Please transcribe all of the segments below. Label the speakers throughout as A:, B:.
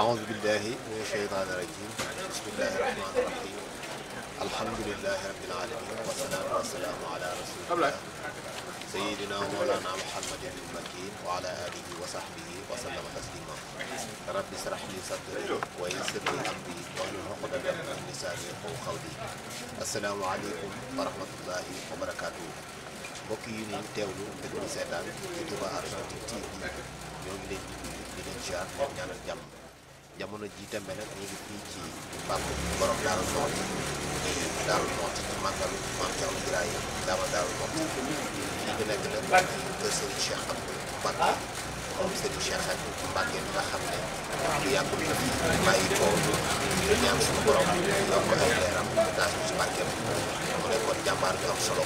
A: أعوذ بالله من الشيطان الرجيم بسم الله الرحمن الرحيم الحمد لله رب العالمين والصلاة والسلام على رسول الله سيدنا مولانا محمد المكين وعلى آله وصحبه وسلم تسليما رب اشرح لي صدري ويسر لي أمري واحلل عقدة من لساني يفقهوا قولي السلام عليكم ورحمة الله وبركاته mbokk yi ñuy teewlu te duñu seetaan ci Touba Argentine TV ñoo ngi leen di nuyu di leen ziar ñaanal jàmm jamono jii tembe nag ñu ngi fii ci bàmbu borom daal moom ci daal moom ci màggalu maam Thierno Birahim dama daal moom fii ñu nekk nag kër Serigne Cheikh Abdou Mbacké moom Serigne Cheikh Abdou Mbacké nga xam ne lu yàggul na fi bàyyi ko ñu ñaan suñu borom yokk ay leeram daal ñu ci barkeem mu nekkoon jàmbaar bi am solo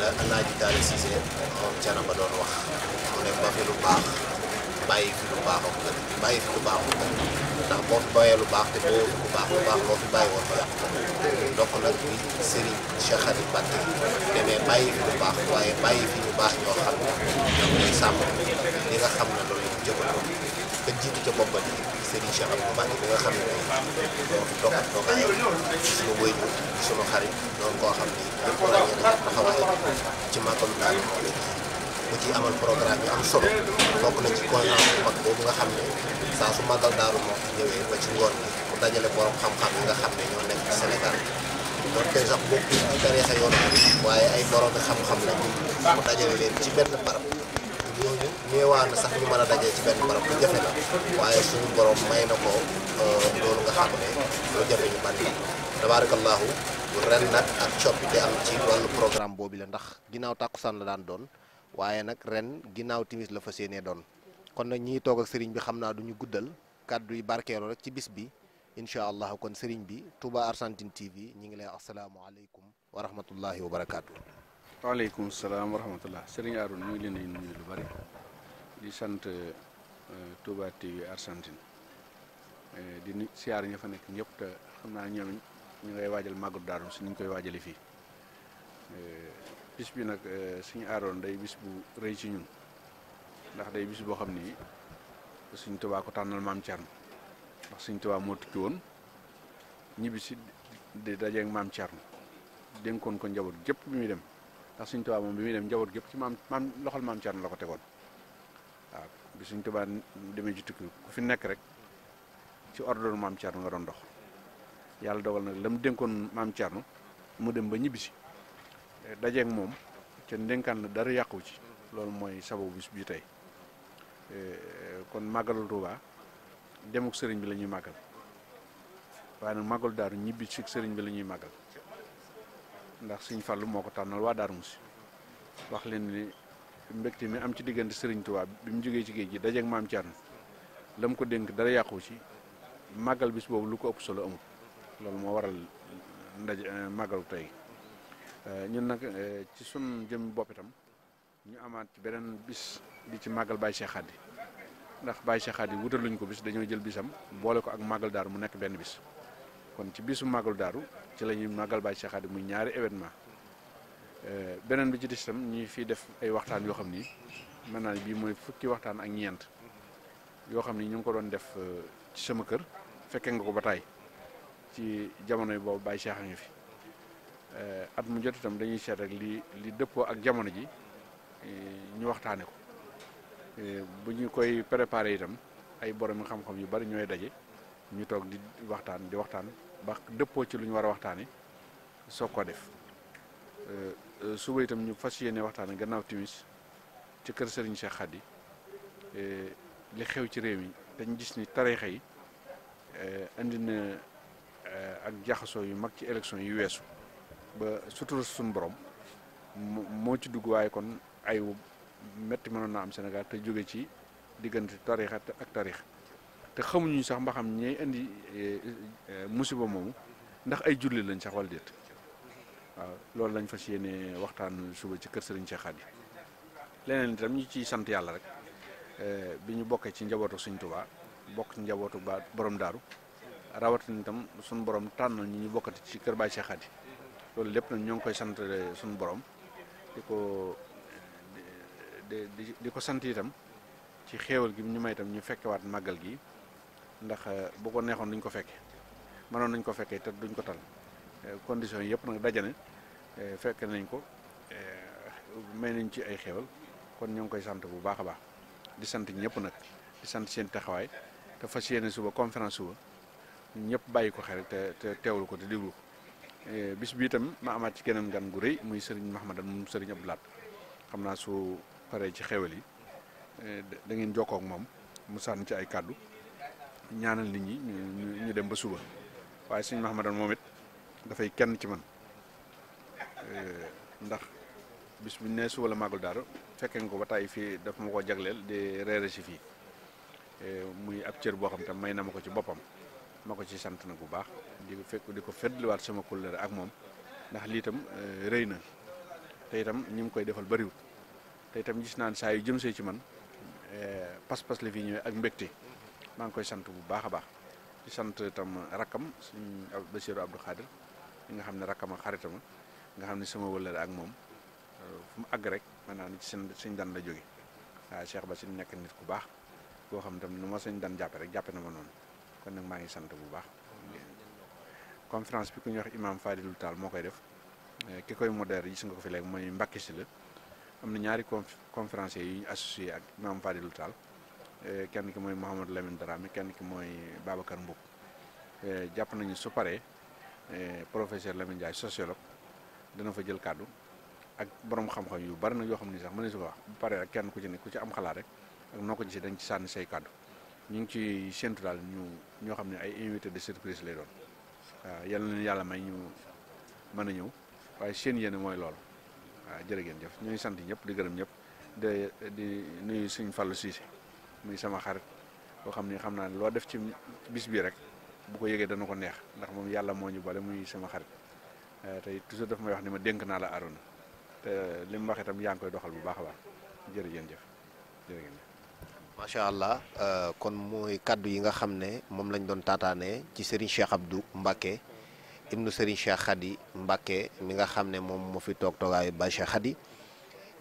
A: la Alaaji Daara Cissé moom Thiénaba doon wax mu ne ba fi baax bàyyi fi lu baax ak gën bàyyi fi lu baax ak gën ndax boo fi bàyyee lu baax te boo lu baax lu baax loo fi bàyyi woon ba yàq ko donc nag bi Serigne Cheikh Khadim Mbacké demee bàyyi fi lu baax waaye bàyyi fi lu baax ñoo xam ne ñoom ñooy sàmm li nga xam ne loolu lañ jëfandoo te jiitu ca boppam di Serigne Cheikh Khadim Mbacké bi nga xam ne moom doog ak doog a yëngu suñu wëytu suñu xarit doon koo xam ni ñëpp ràññee nañ taxawaay ci màggalu daal moo leen da ciy amal programme yu am solo bokk na ci conférence bu mag boobu nga xam ne saa su màggal daaru moo ñëwee ba ci ngoon bi dajale borom xam-xam yi nga xam ne ñoo nekk ci yoon waaye ay borom xam-xam ci benn barab sax ñu mën a bu jafe la waaye suñu borom may na ko euh, loolu nga xam ne lu jafe ñu bari tabaarakallaahu ren nag ak coppite am ci wàllu programme boobu la ndax ginnaaw tàkkusaan la daan doon waaye nag ren ginnaaw timis la fa yéenee doon kon nag ñiy toog ak sëriñ bi xam naa duñu guddal kàddu yi barkeeloo rek ci bis bi incha allah kon sëriñ bi Touba Argentine TV ñu ngi lay asalaamaaleykum
B: wa rahmatullahi wa barakaatu. waaleykum salaam wa rahmatullah sëriñ Arouna ñu ngi leen di nuyu lu bari di sant euh, Touba TV Argentine euh, di nu siyaar ñoo fa nekk ñëpp te xam naa ñoom ñu ngay waajal màggu daaru si ni ñu koy waajalee fii. Euh, bis bi nag eh, suñu aaroon day bis bu rëy ci ñun ndax day bis boo xam ni suñ tubaa ko tànnal maam Thierno ndax suñ tubaa moo tukki woon ñibbi si di dajeeg maam Thierno dénkoon ko njaboot gépp bi muy dem ndax suñ tubaa moom bi muy dem njaboot gépp ci maam maam loxol maam Thierno la ko tegoon waaw bi suñ tubaa demee ci tukki ku fi nekk rek ci ordre maam Thierno nga doon dox yàlla dogal nag la mu dénkoon maam Thierno mu dem ba ñibbisi dajeeg moom ca ndénkaan la dara yàqu ci loolu mooy sababu bis bi tey e, kon màggalul Tuuba demuk sëriñ bi la ñuy màggal waaye nag màggal daaru ñibbi si sëriñ bi lañuy màggal ndax Sëriñ Fallu moo ko tànnal waa Daaru Musi wax leen ni mbégte mi am ci diggante sëriñ tubaa bi mu jógee ci géej gi dajeeg maam Thierno la mu ko dénk dara yàqu ci màggal bis boobu lu ko ëpp solo amul loolu moo waral ndaje e, màggalu tey. Euh, ñun nag euh, ci sun jëm bopp itam ñu amaat ci beneen bis di ci màggal Baye Cheikh Khady ndax Baye Cheikh Khady wutal ko bis dañoo jël bisam boole ko ak màggal daaru mu nekk benn bis kon ci bisu màggal daaru ci la ñuy màggal Baye Cheikh muy ñaari événement euh, beneen bi ci des itam ñu fii def ay waxtaan yoo xam ni mën naa bii mooy fukki waxtaan ak ñeent yoo xam ni ñu ngi ko doon def ci sama kër fekkee nga ko ba taay ci jamono yi boobu Baye Cheikh a fi Eh, at mu jot itam dañuy seet rek li li dëppoo ak jamono ji eh, ñu waxtaane ko eh, bu ñu koy préparé itam ay borom xam-xam yu bari ñooy daje ñu toog di waxtaan di waxtaan ba dëppoo ci lu ñu war a waxtaane soog koo def suba itam ñu fas yéene waxtaane gannaaw timis ci kër Serigne Cheikh Khady li xew ci réew mi dañ gis ni tariixa yi indi na ak jaxasoo yu mag ci élection yu weesu ba sutura suñ borom moo ci dugg waaye kon ayu métti mënoon naa am Sénégal te jóge ci diggante tarixa ak tarix te xamuñu sax mba xam ñay indi eh, eh, musiba moomu ndax ay julli lañ sax wala déet waaw loolu lañ fas yéene waxtaan suba ci kër Serigne Cheikh Khady leneen itam ñu ciy sant yàlla rek eh, bi ñu bokkee ci njabootu suñ Touba bokk ci njabootu ba borom daaru rawatina itam suñu borom tànnal ñu ñu bokkati ci kër Baye Cheikh Khady loolu lépp nag ñoo ngi koy sant suñu borom di ko di ko sant itam ci xewal gi ñu may itam ñu fekkewaat màggal gi ndax eh, bu ko neexoon duñ ko fekke mënoon nañ ko fekkee te duñ ko tal eh, condition yi yëpp nag dajane eh, fekke nañ ko may nañ ci ay xéewal kon ñoo ngi koy sant bu baax a baax di sant ñëpp nag di sant seen taxawaay te fas yéene suba conférence suba ñëpp bàyyi ko xel te te ko te déglu Eh, bis bi itam ma amaat ci keneen gan gu rëy muy Serigne Mahamadan moom Serigne Abdou Lahat xam naa su paree ci xewal yi eh, dangeen ngeen moom mu sànn ci ay kàddu ñaanal nit ñi ñu dem ba suba waaye Serigne Mahamadan moom it dafay kenn ci man eh, ndax bis bu ne nee suba la màggal daara fekkee nga ko ba tàyyi fii daf ma ko jagleel di reere si fii muy ab cër boo xam tam may na ma ko ci boppam ma ko ci sant nag bu baax. di ko fekk di ko feddliwaat sama kóllëre ak moom ndax lii itam euh, rëy na te itam ñi koy defal bariwut te itam gis naan saa yu jëm see ci man euh, pas-pas la fi ñëwee ak mbégte maa ngi koy sant bu baax a baax sant itam rakkam suñ Basiiru Abdou nga xam ne rakkam ak xaritama nga xam ne sama wëllëre ak moom euh, fu mu àgg rek maanaam ci seen suñ dan la jóge waaw ba si nekk nit ku baax koo xam tam nu ma suñ dan jàppe rek jàppe na ma noonu kon nag maa ngi sant bu baax conférence bi ku ñu wax imam Fadilou Tall moo koy def eh, ki koy modère gis nga ko fi léegi mooy Mbacke si la am na ñaari conférenciers yi ñu associé ak imam Fadilou Tall eh, kenn ki mooy Mouhamadou Lamine Darame kenn ki mooy Babacar Mboup eh, jàpp nañu su paree professeur Lamine Ndiaye sociologue dana fa jël kàddu ak borom xam-xam yu bari na yoo xam ni sax mën na si wax bu paree kenn ku ci ne ku ci am xalaat rek ak noo ko gisee dañ ci sànni say kàddu ñu ngi ci séntu daal ñu ñoo xam ne ay invité de surprise lay doon. waaw yal na yàlla may ñu mën a ñëw waaye seen yéene mooy loolu waaw jërë ngeen jëf ñooy sant ñëpp di gërëm ñëpp de di nuyu suñ Fallou Cissé muy sama xarit boo xam ni xam naa ne loo def ci bis bii rek bu ko yëgee dana ko neex ndax moom yàlla moo ñu bale muy sama xarit eh, tey toujours daf may wax ni ma dénk naa la Arona te li mu wax itam yaa ngi koy doxal bu baax a baax jër ngeen jëf jëf macha allah euh, kon mooy kàddu yi
A: nga xam ne moom lañ doon taataanee ci Serigne Cheikh Abdou Mbacke ibnu Serigne Cheikh Khady Mbacke mi nga xam ne moom moo fi toog toogaayu Baye Cheikh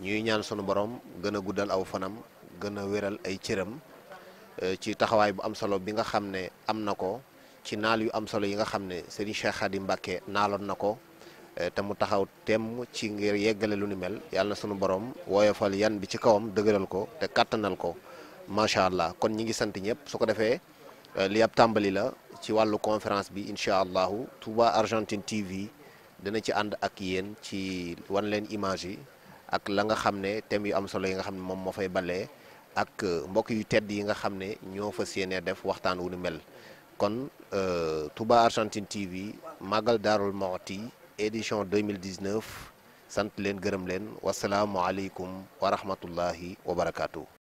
A: ñuy ñaan sunu borom gën a guddal aw fanam gën a wéral ay cëram euh, ci taxawaay bu am solo bi nga xam ne am na ko ci naal yu am solo yi nga xam ne Serigne Cheikh Khady Mbacke naaloon na ko euh, te mu taxaw temm ci ngir yeggale lu ni mel yàlla sunu borom woyofal yan bi ci kawam dëgëral ko te kàttanal ko. macha allah kon ñi ngi sant ñëpp su ko defee euh, li ab tàmbali la ci wàllu conférence bi incha allahu Touba Argentine TV dana ci ànd ak yéen ci wan leen image yi ak la nga xam ne thème yu am solo yi nga xam ne moom moo fay balee ak euh, mbokk yu tedd yi nga xam ne ñoo fa yéenee def waxtaan wu nu mel kon euh, Touba Argentine TV Magal Daarul Mawti édition 2019 sant leen gërëm leen wasalaamualeykum wa rahmatullahi wa barakaatu.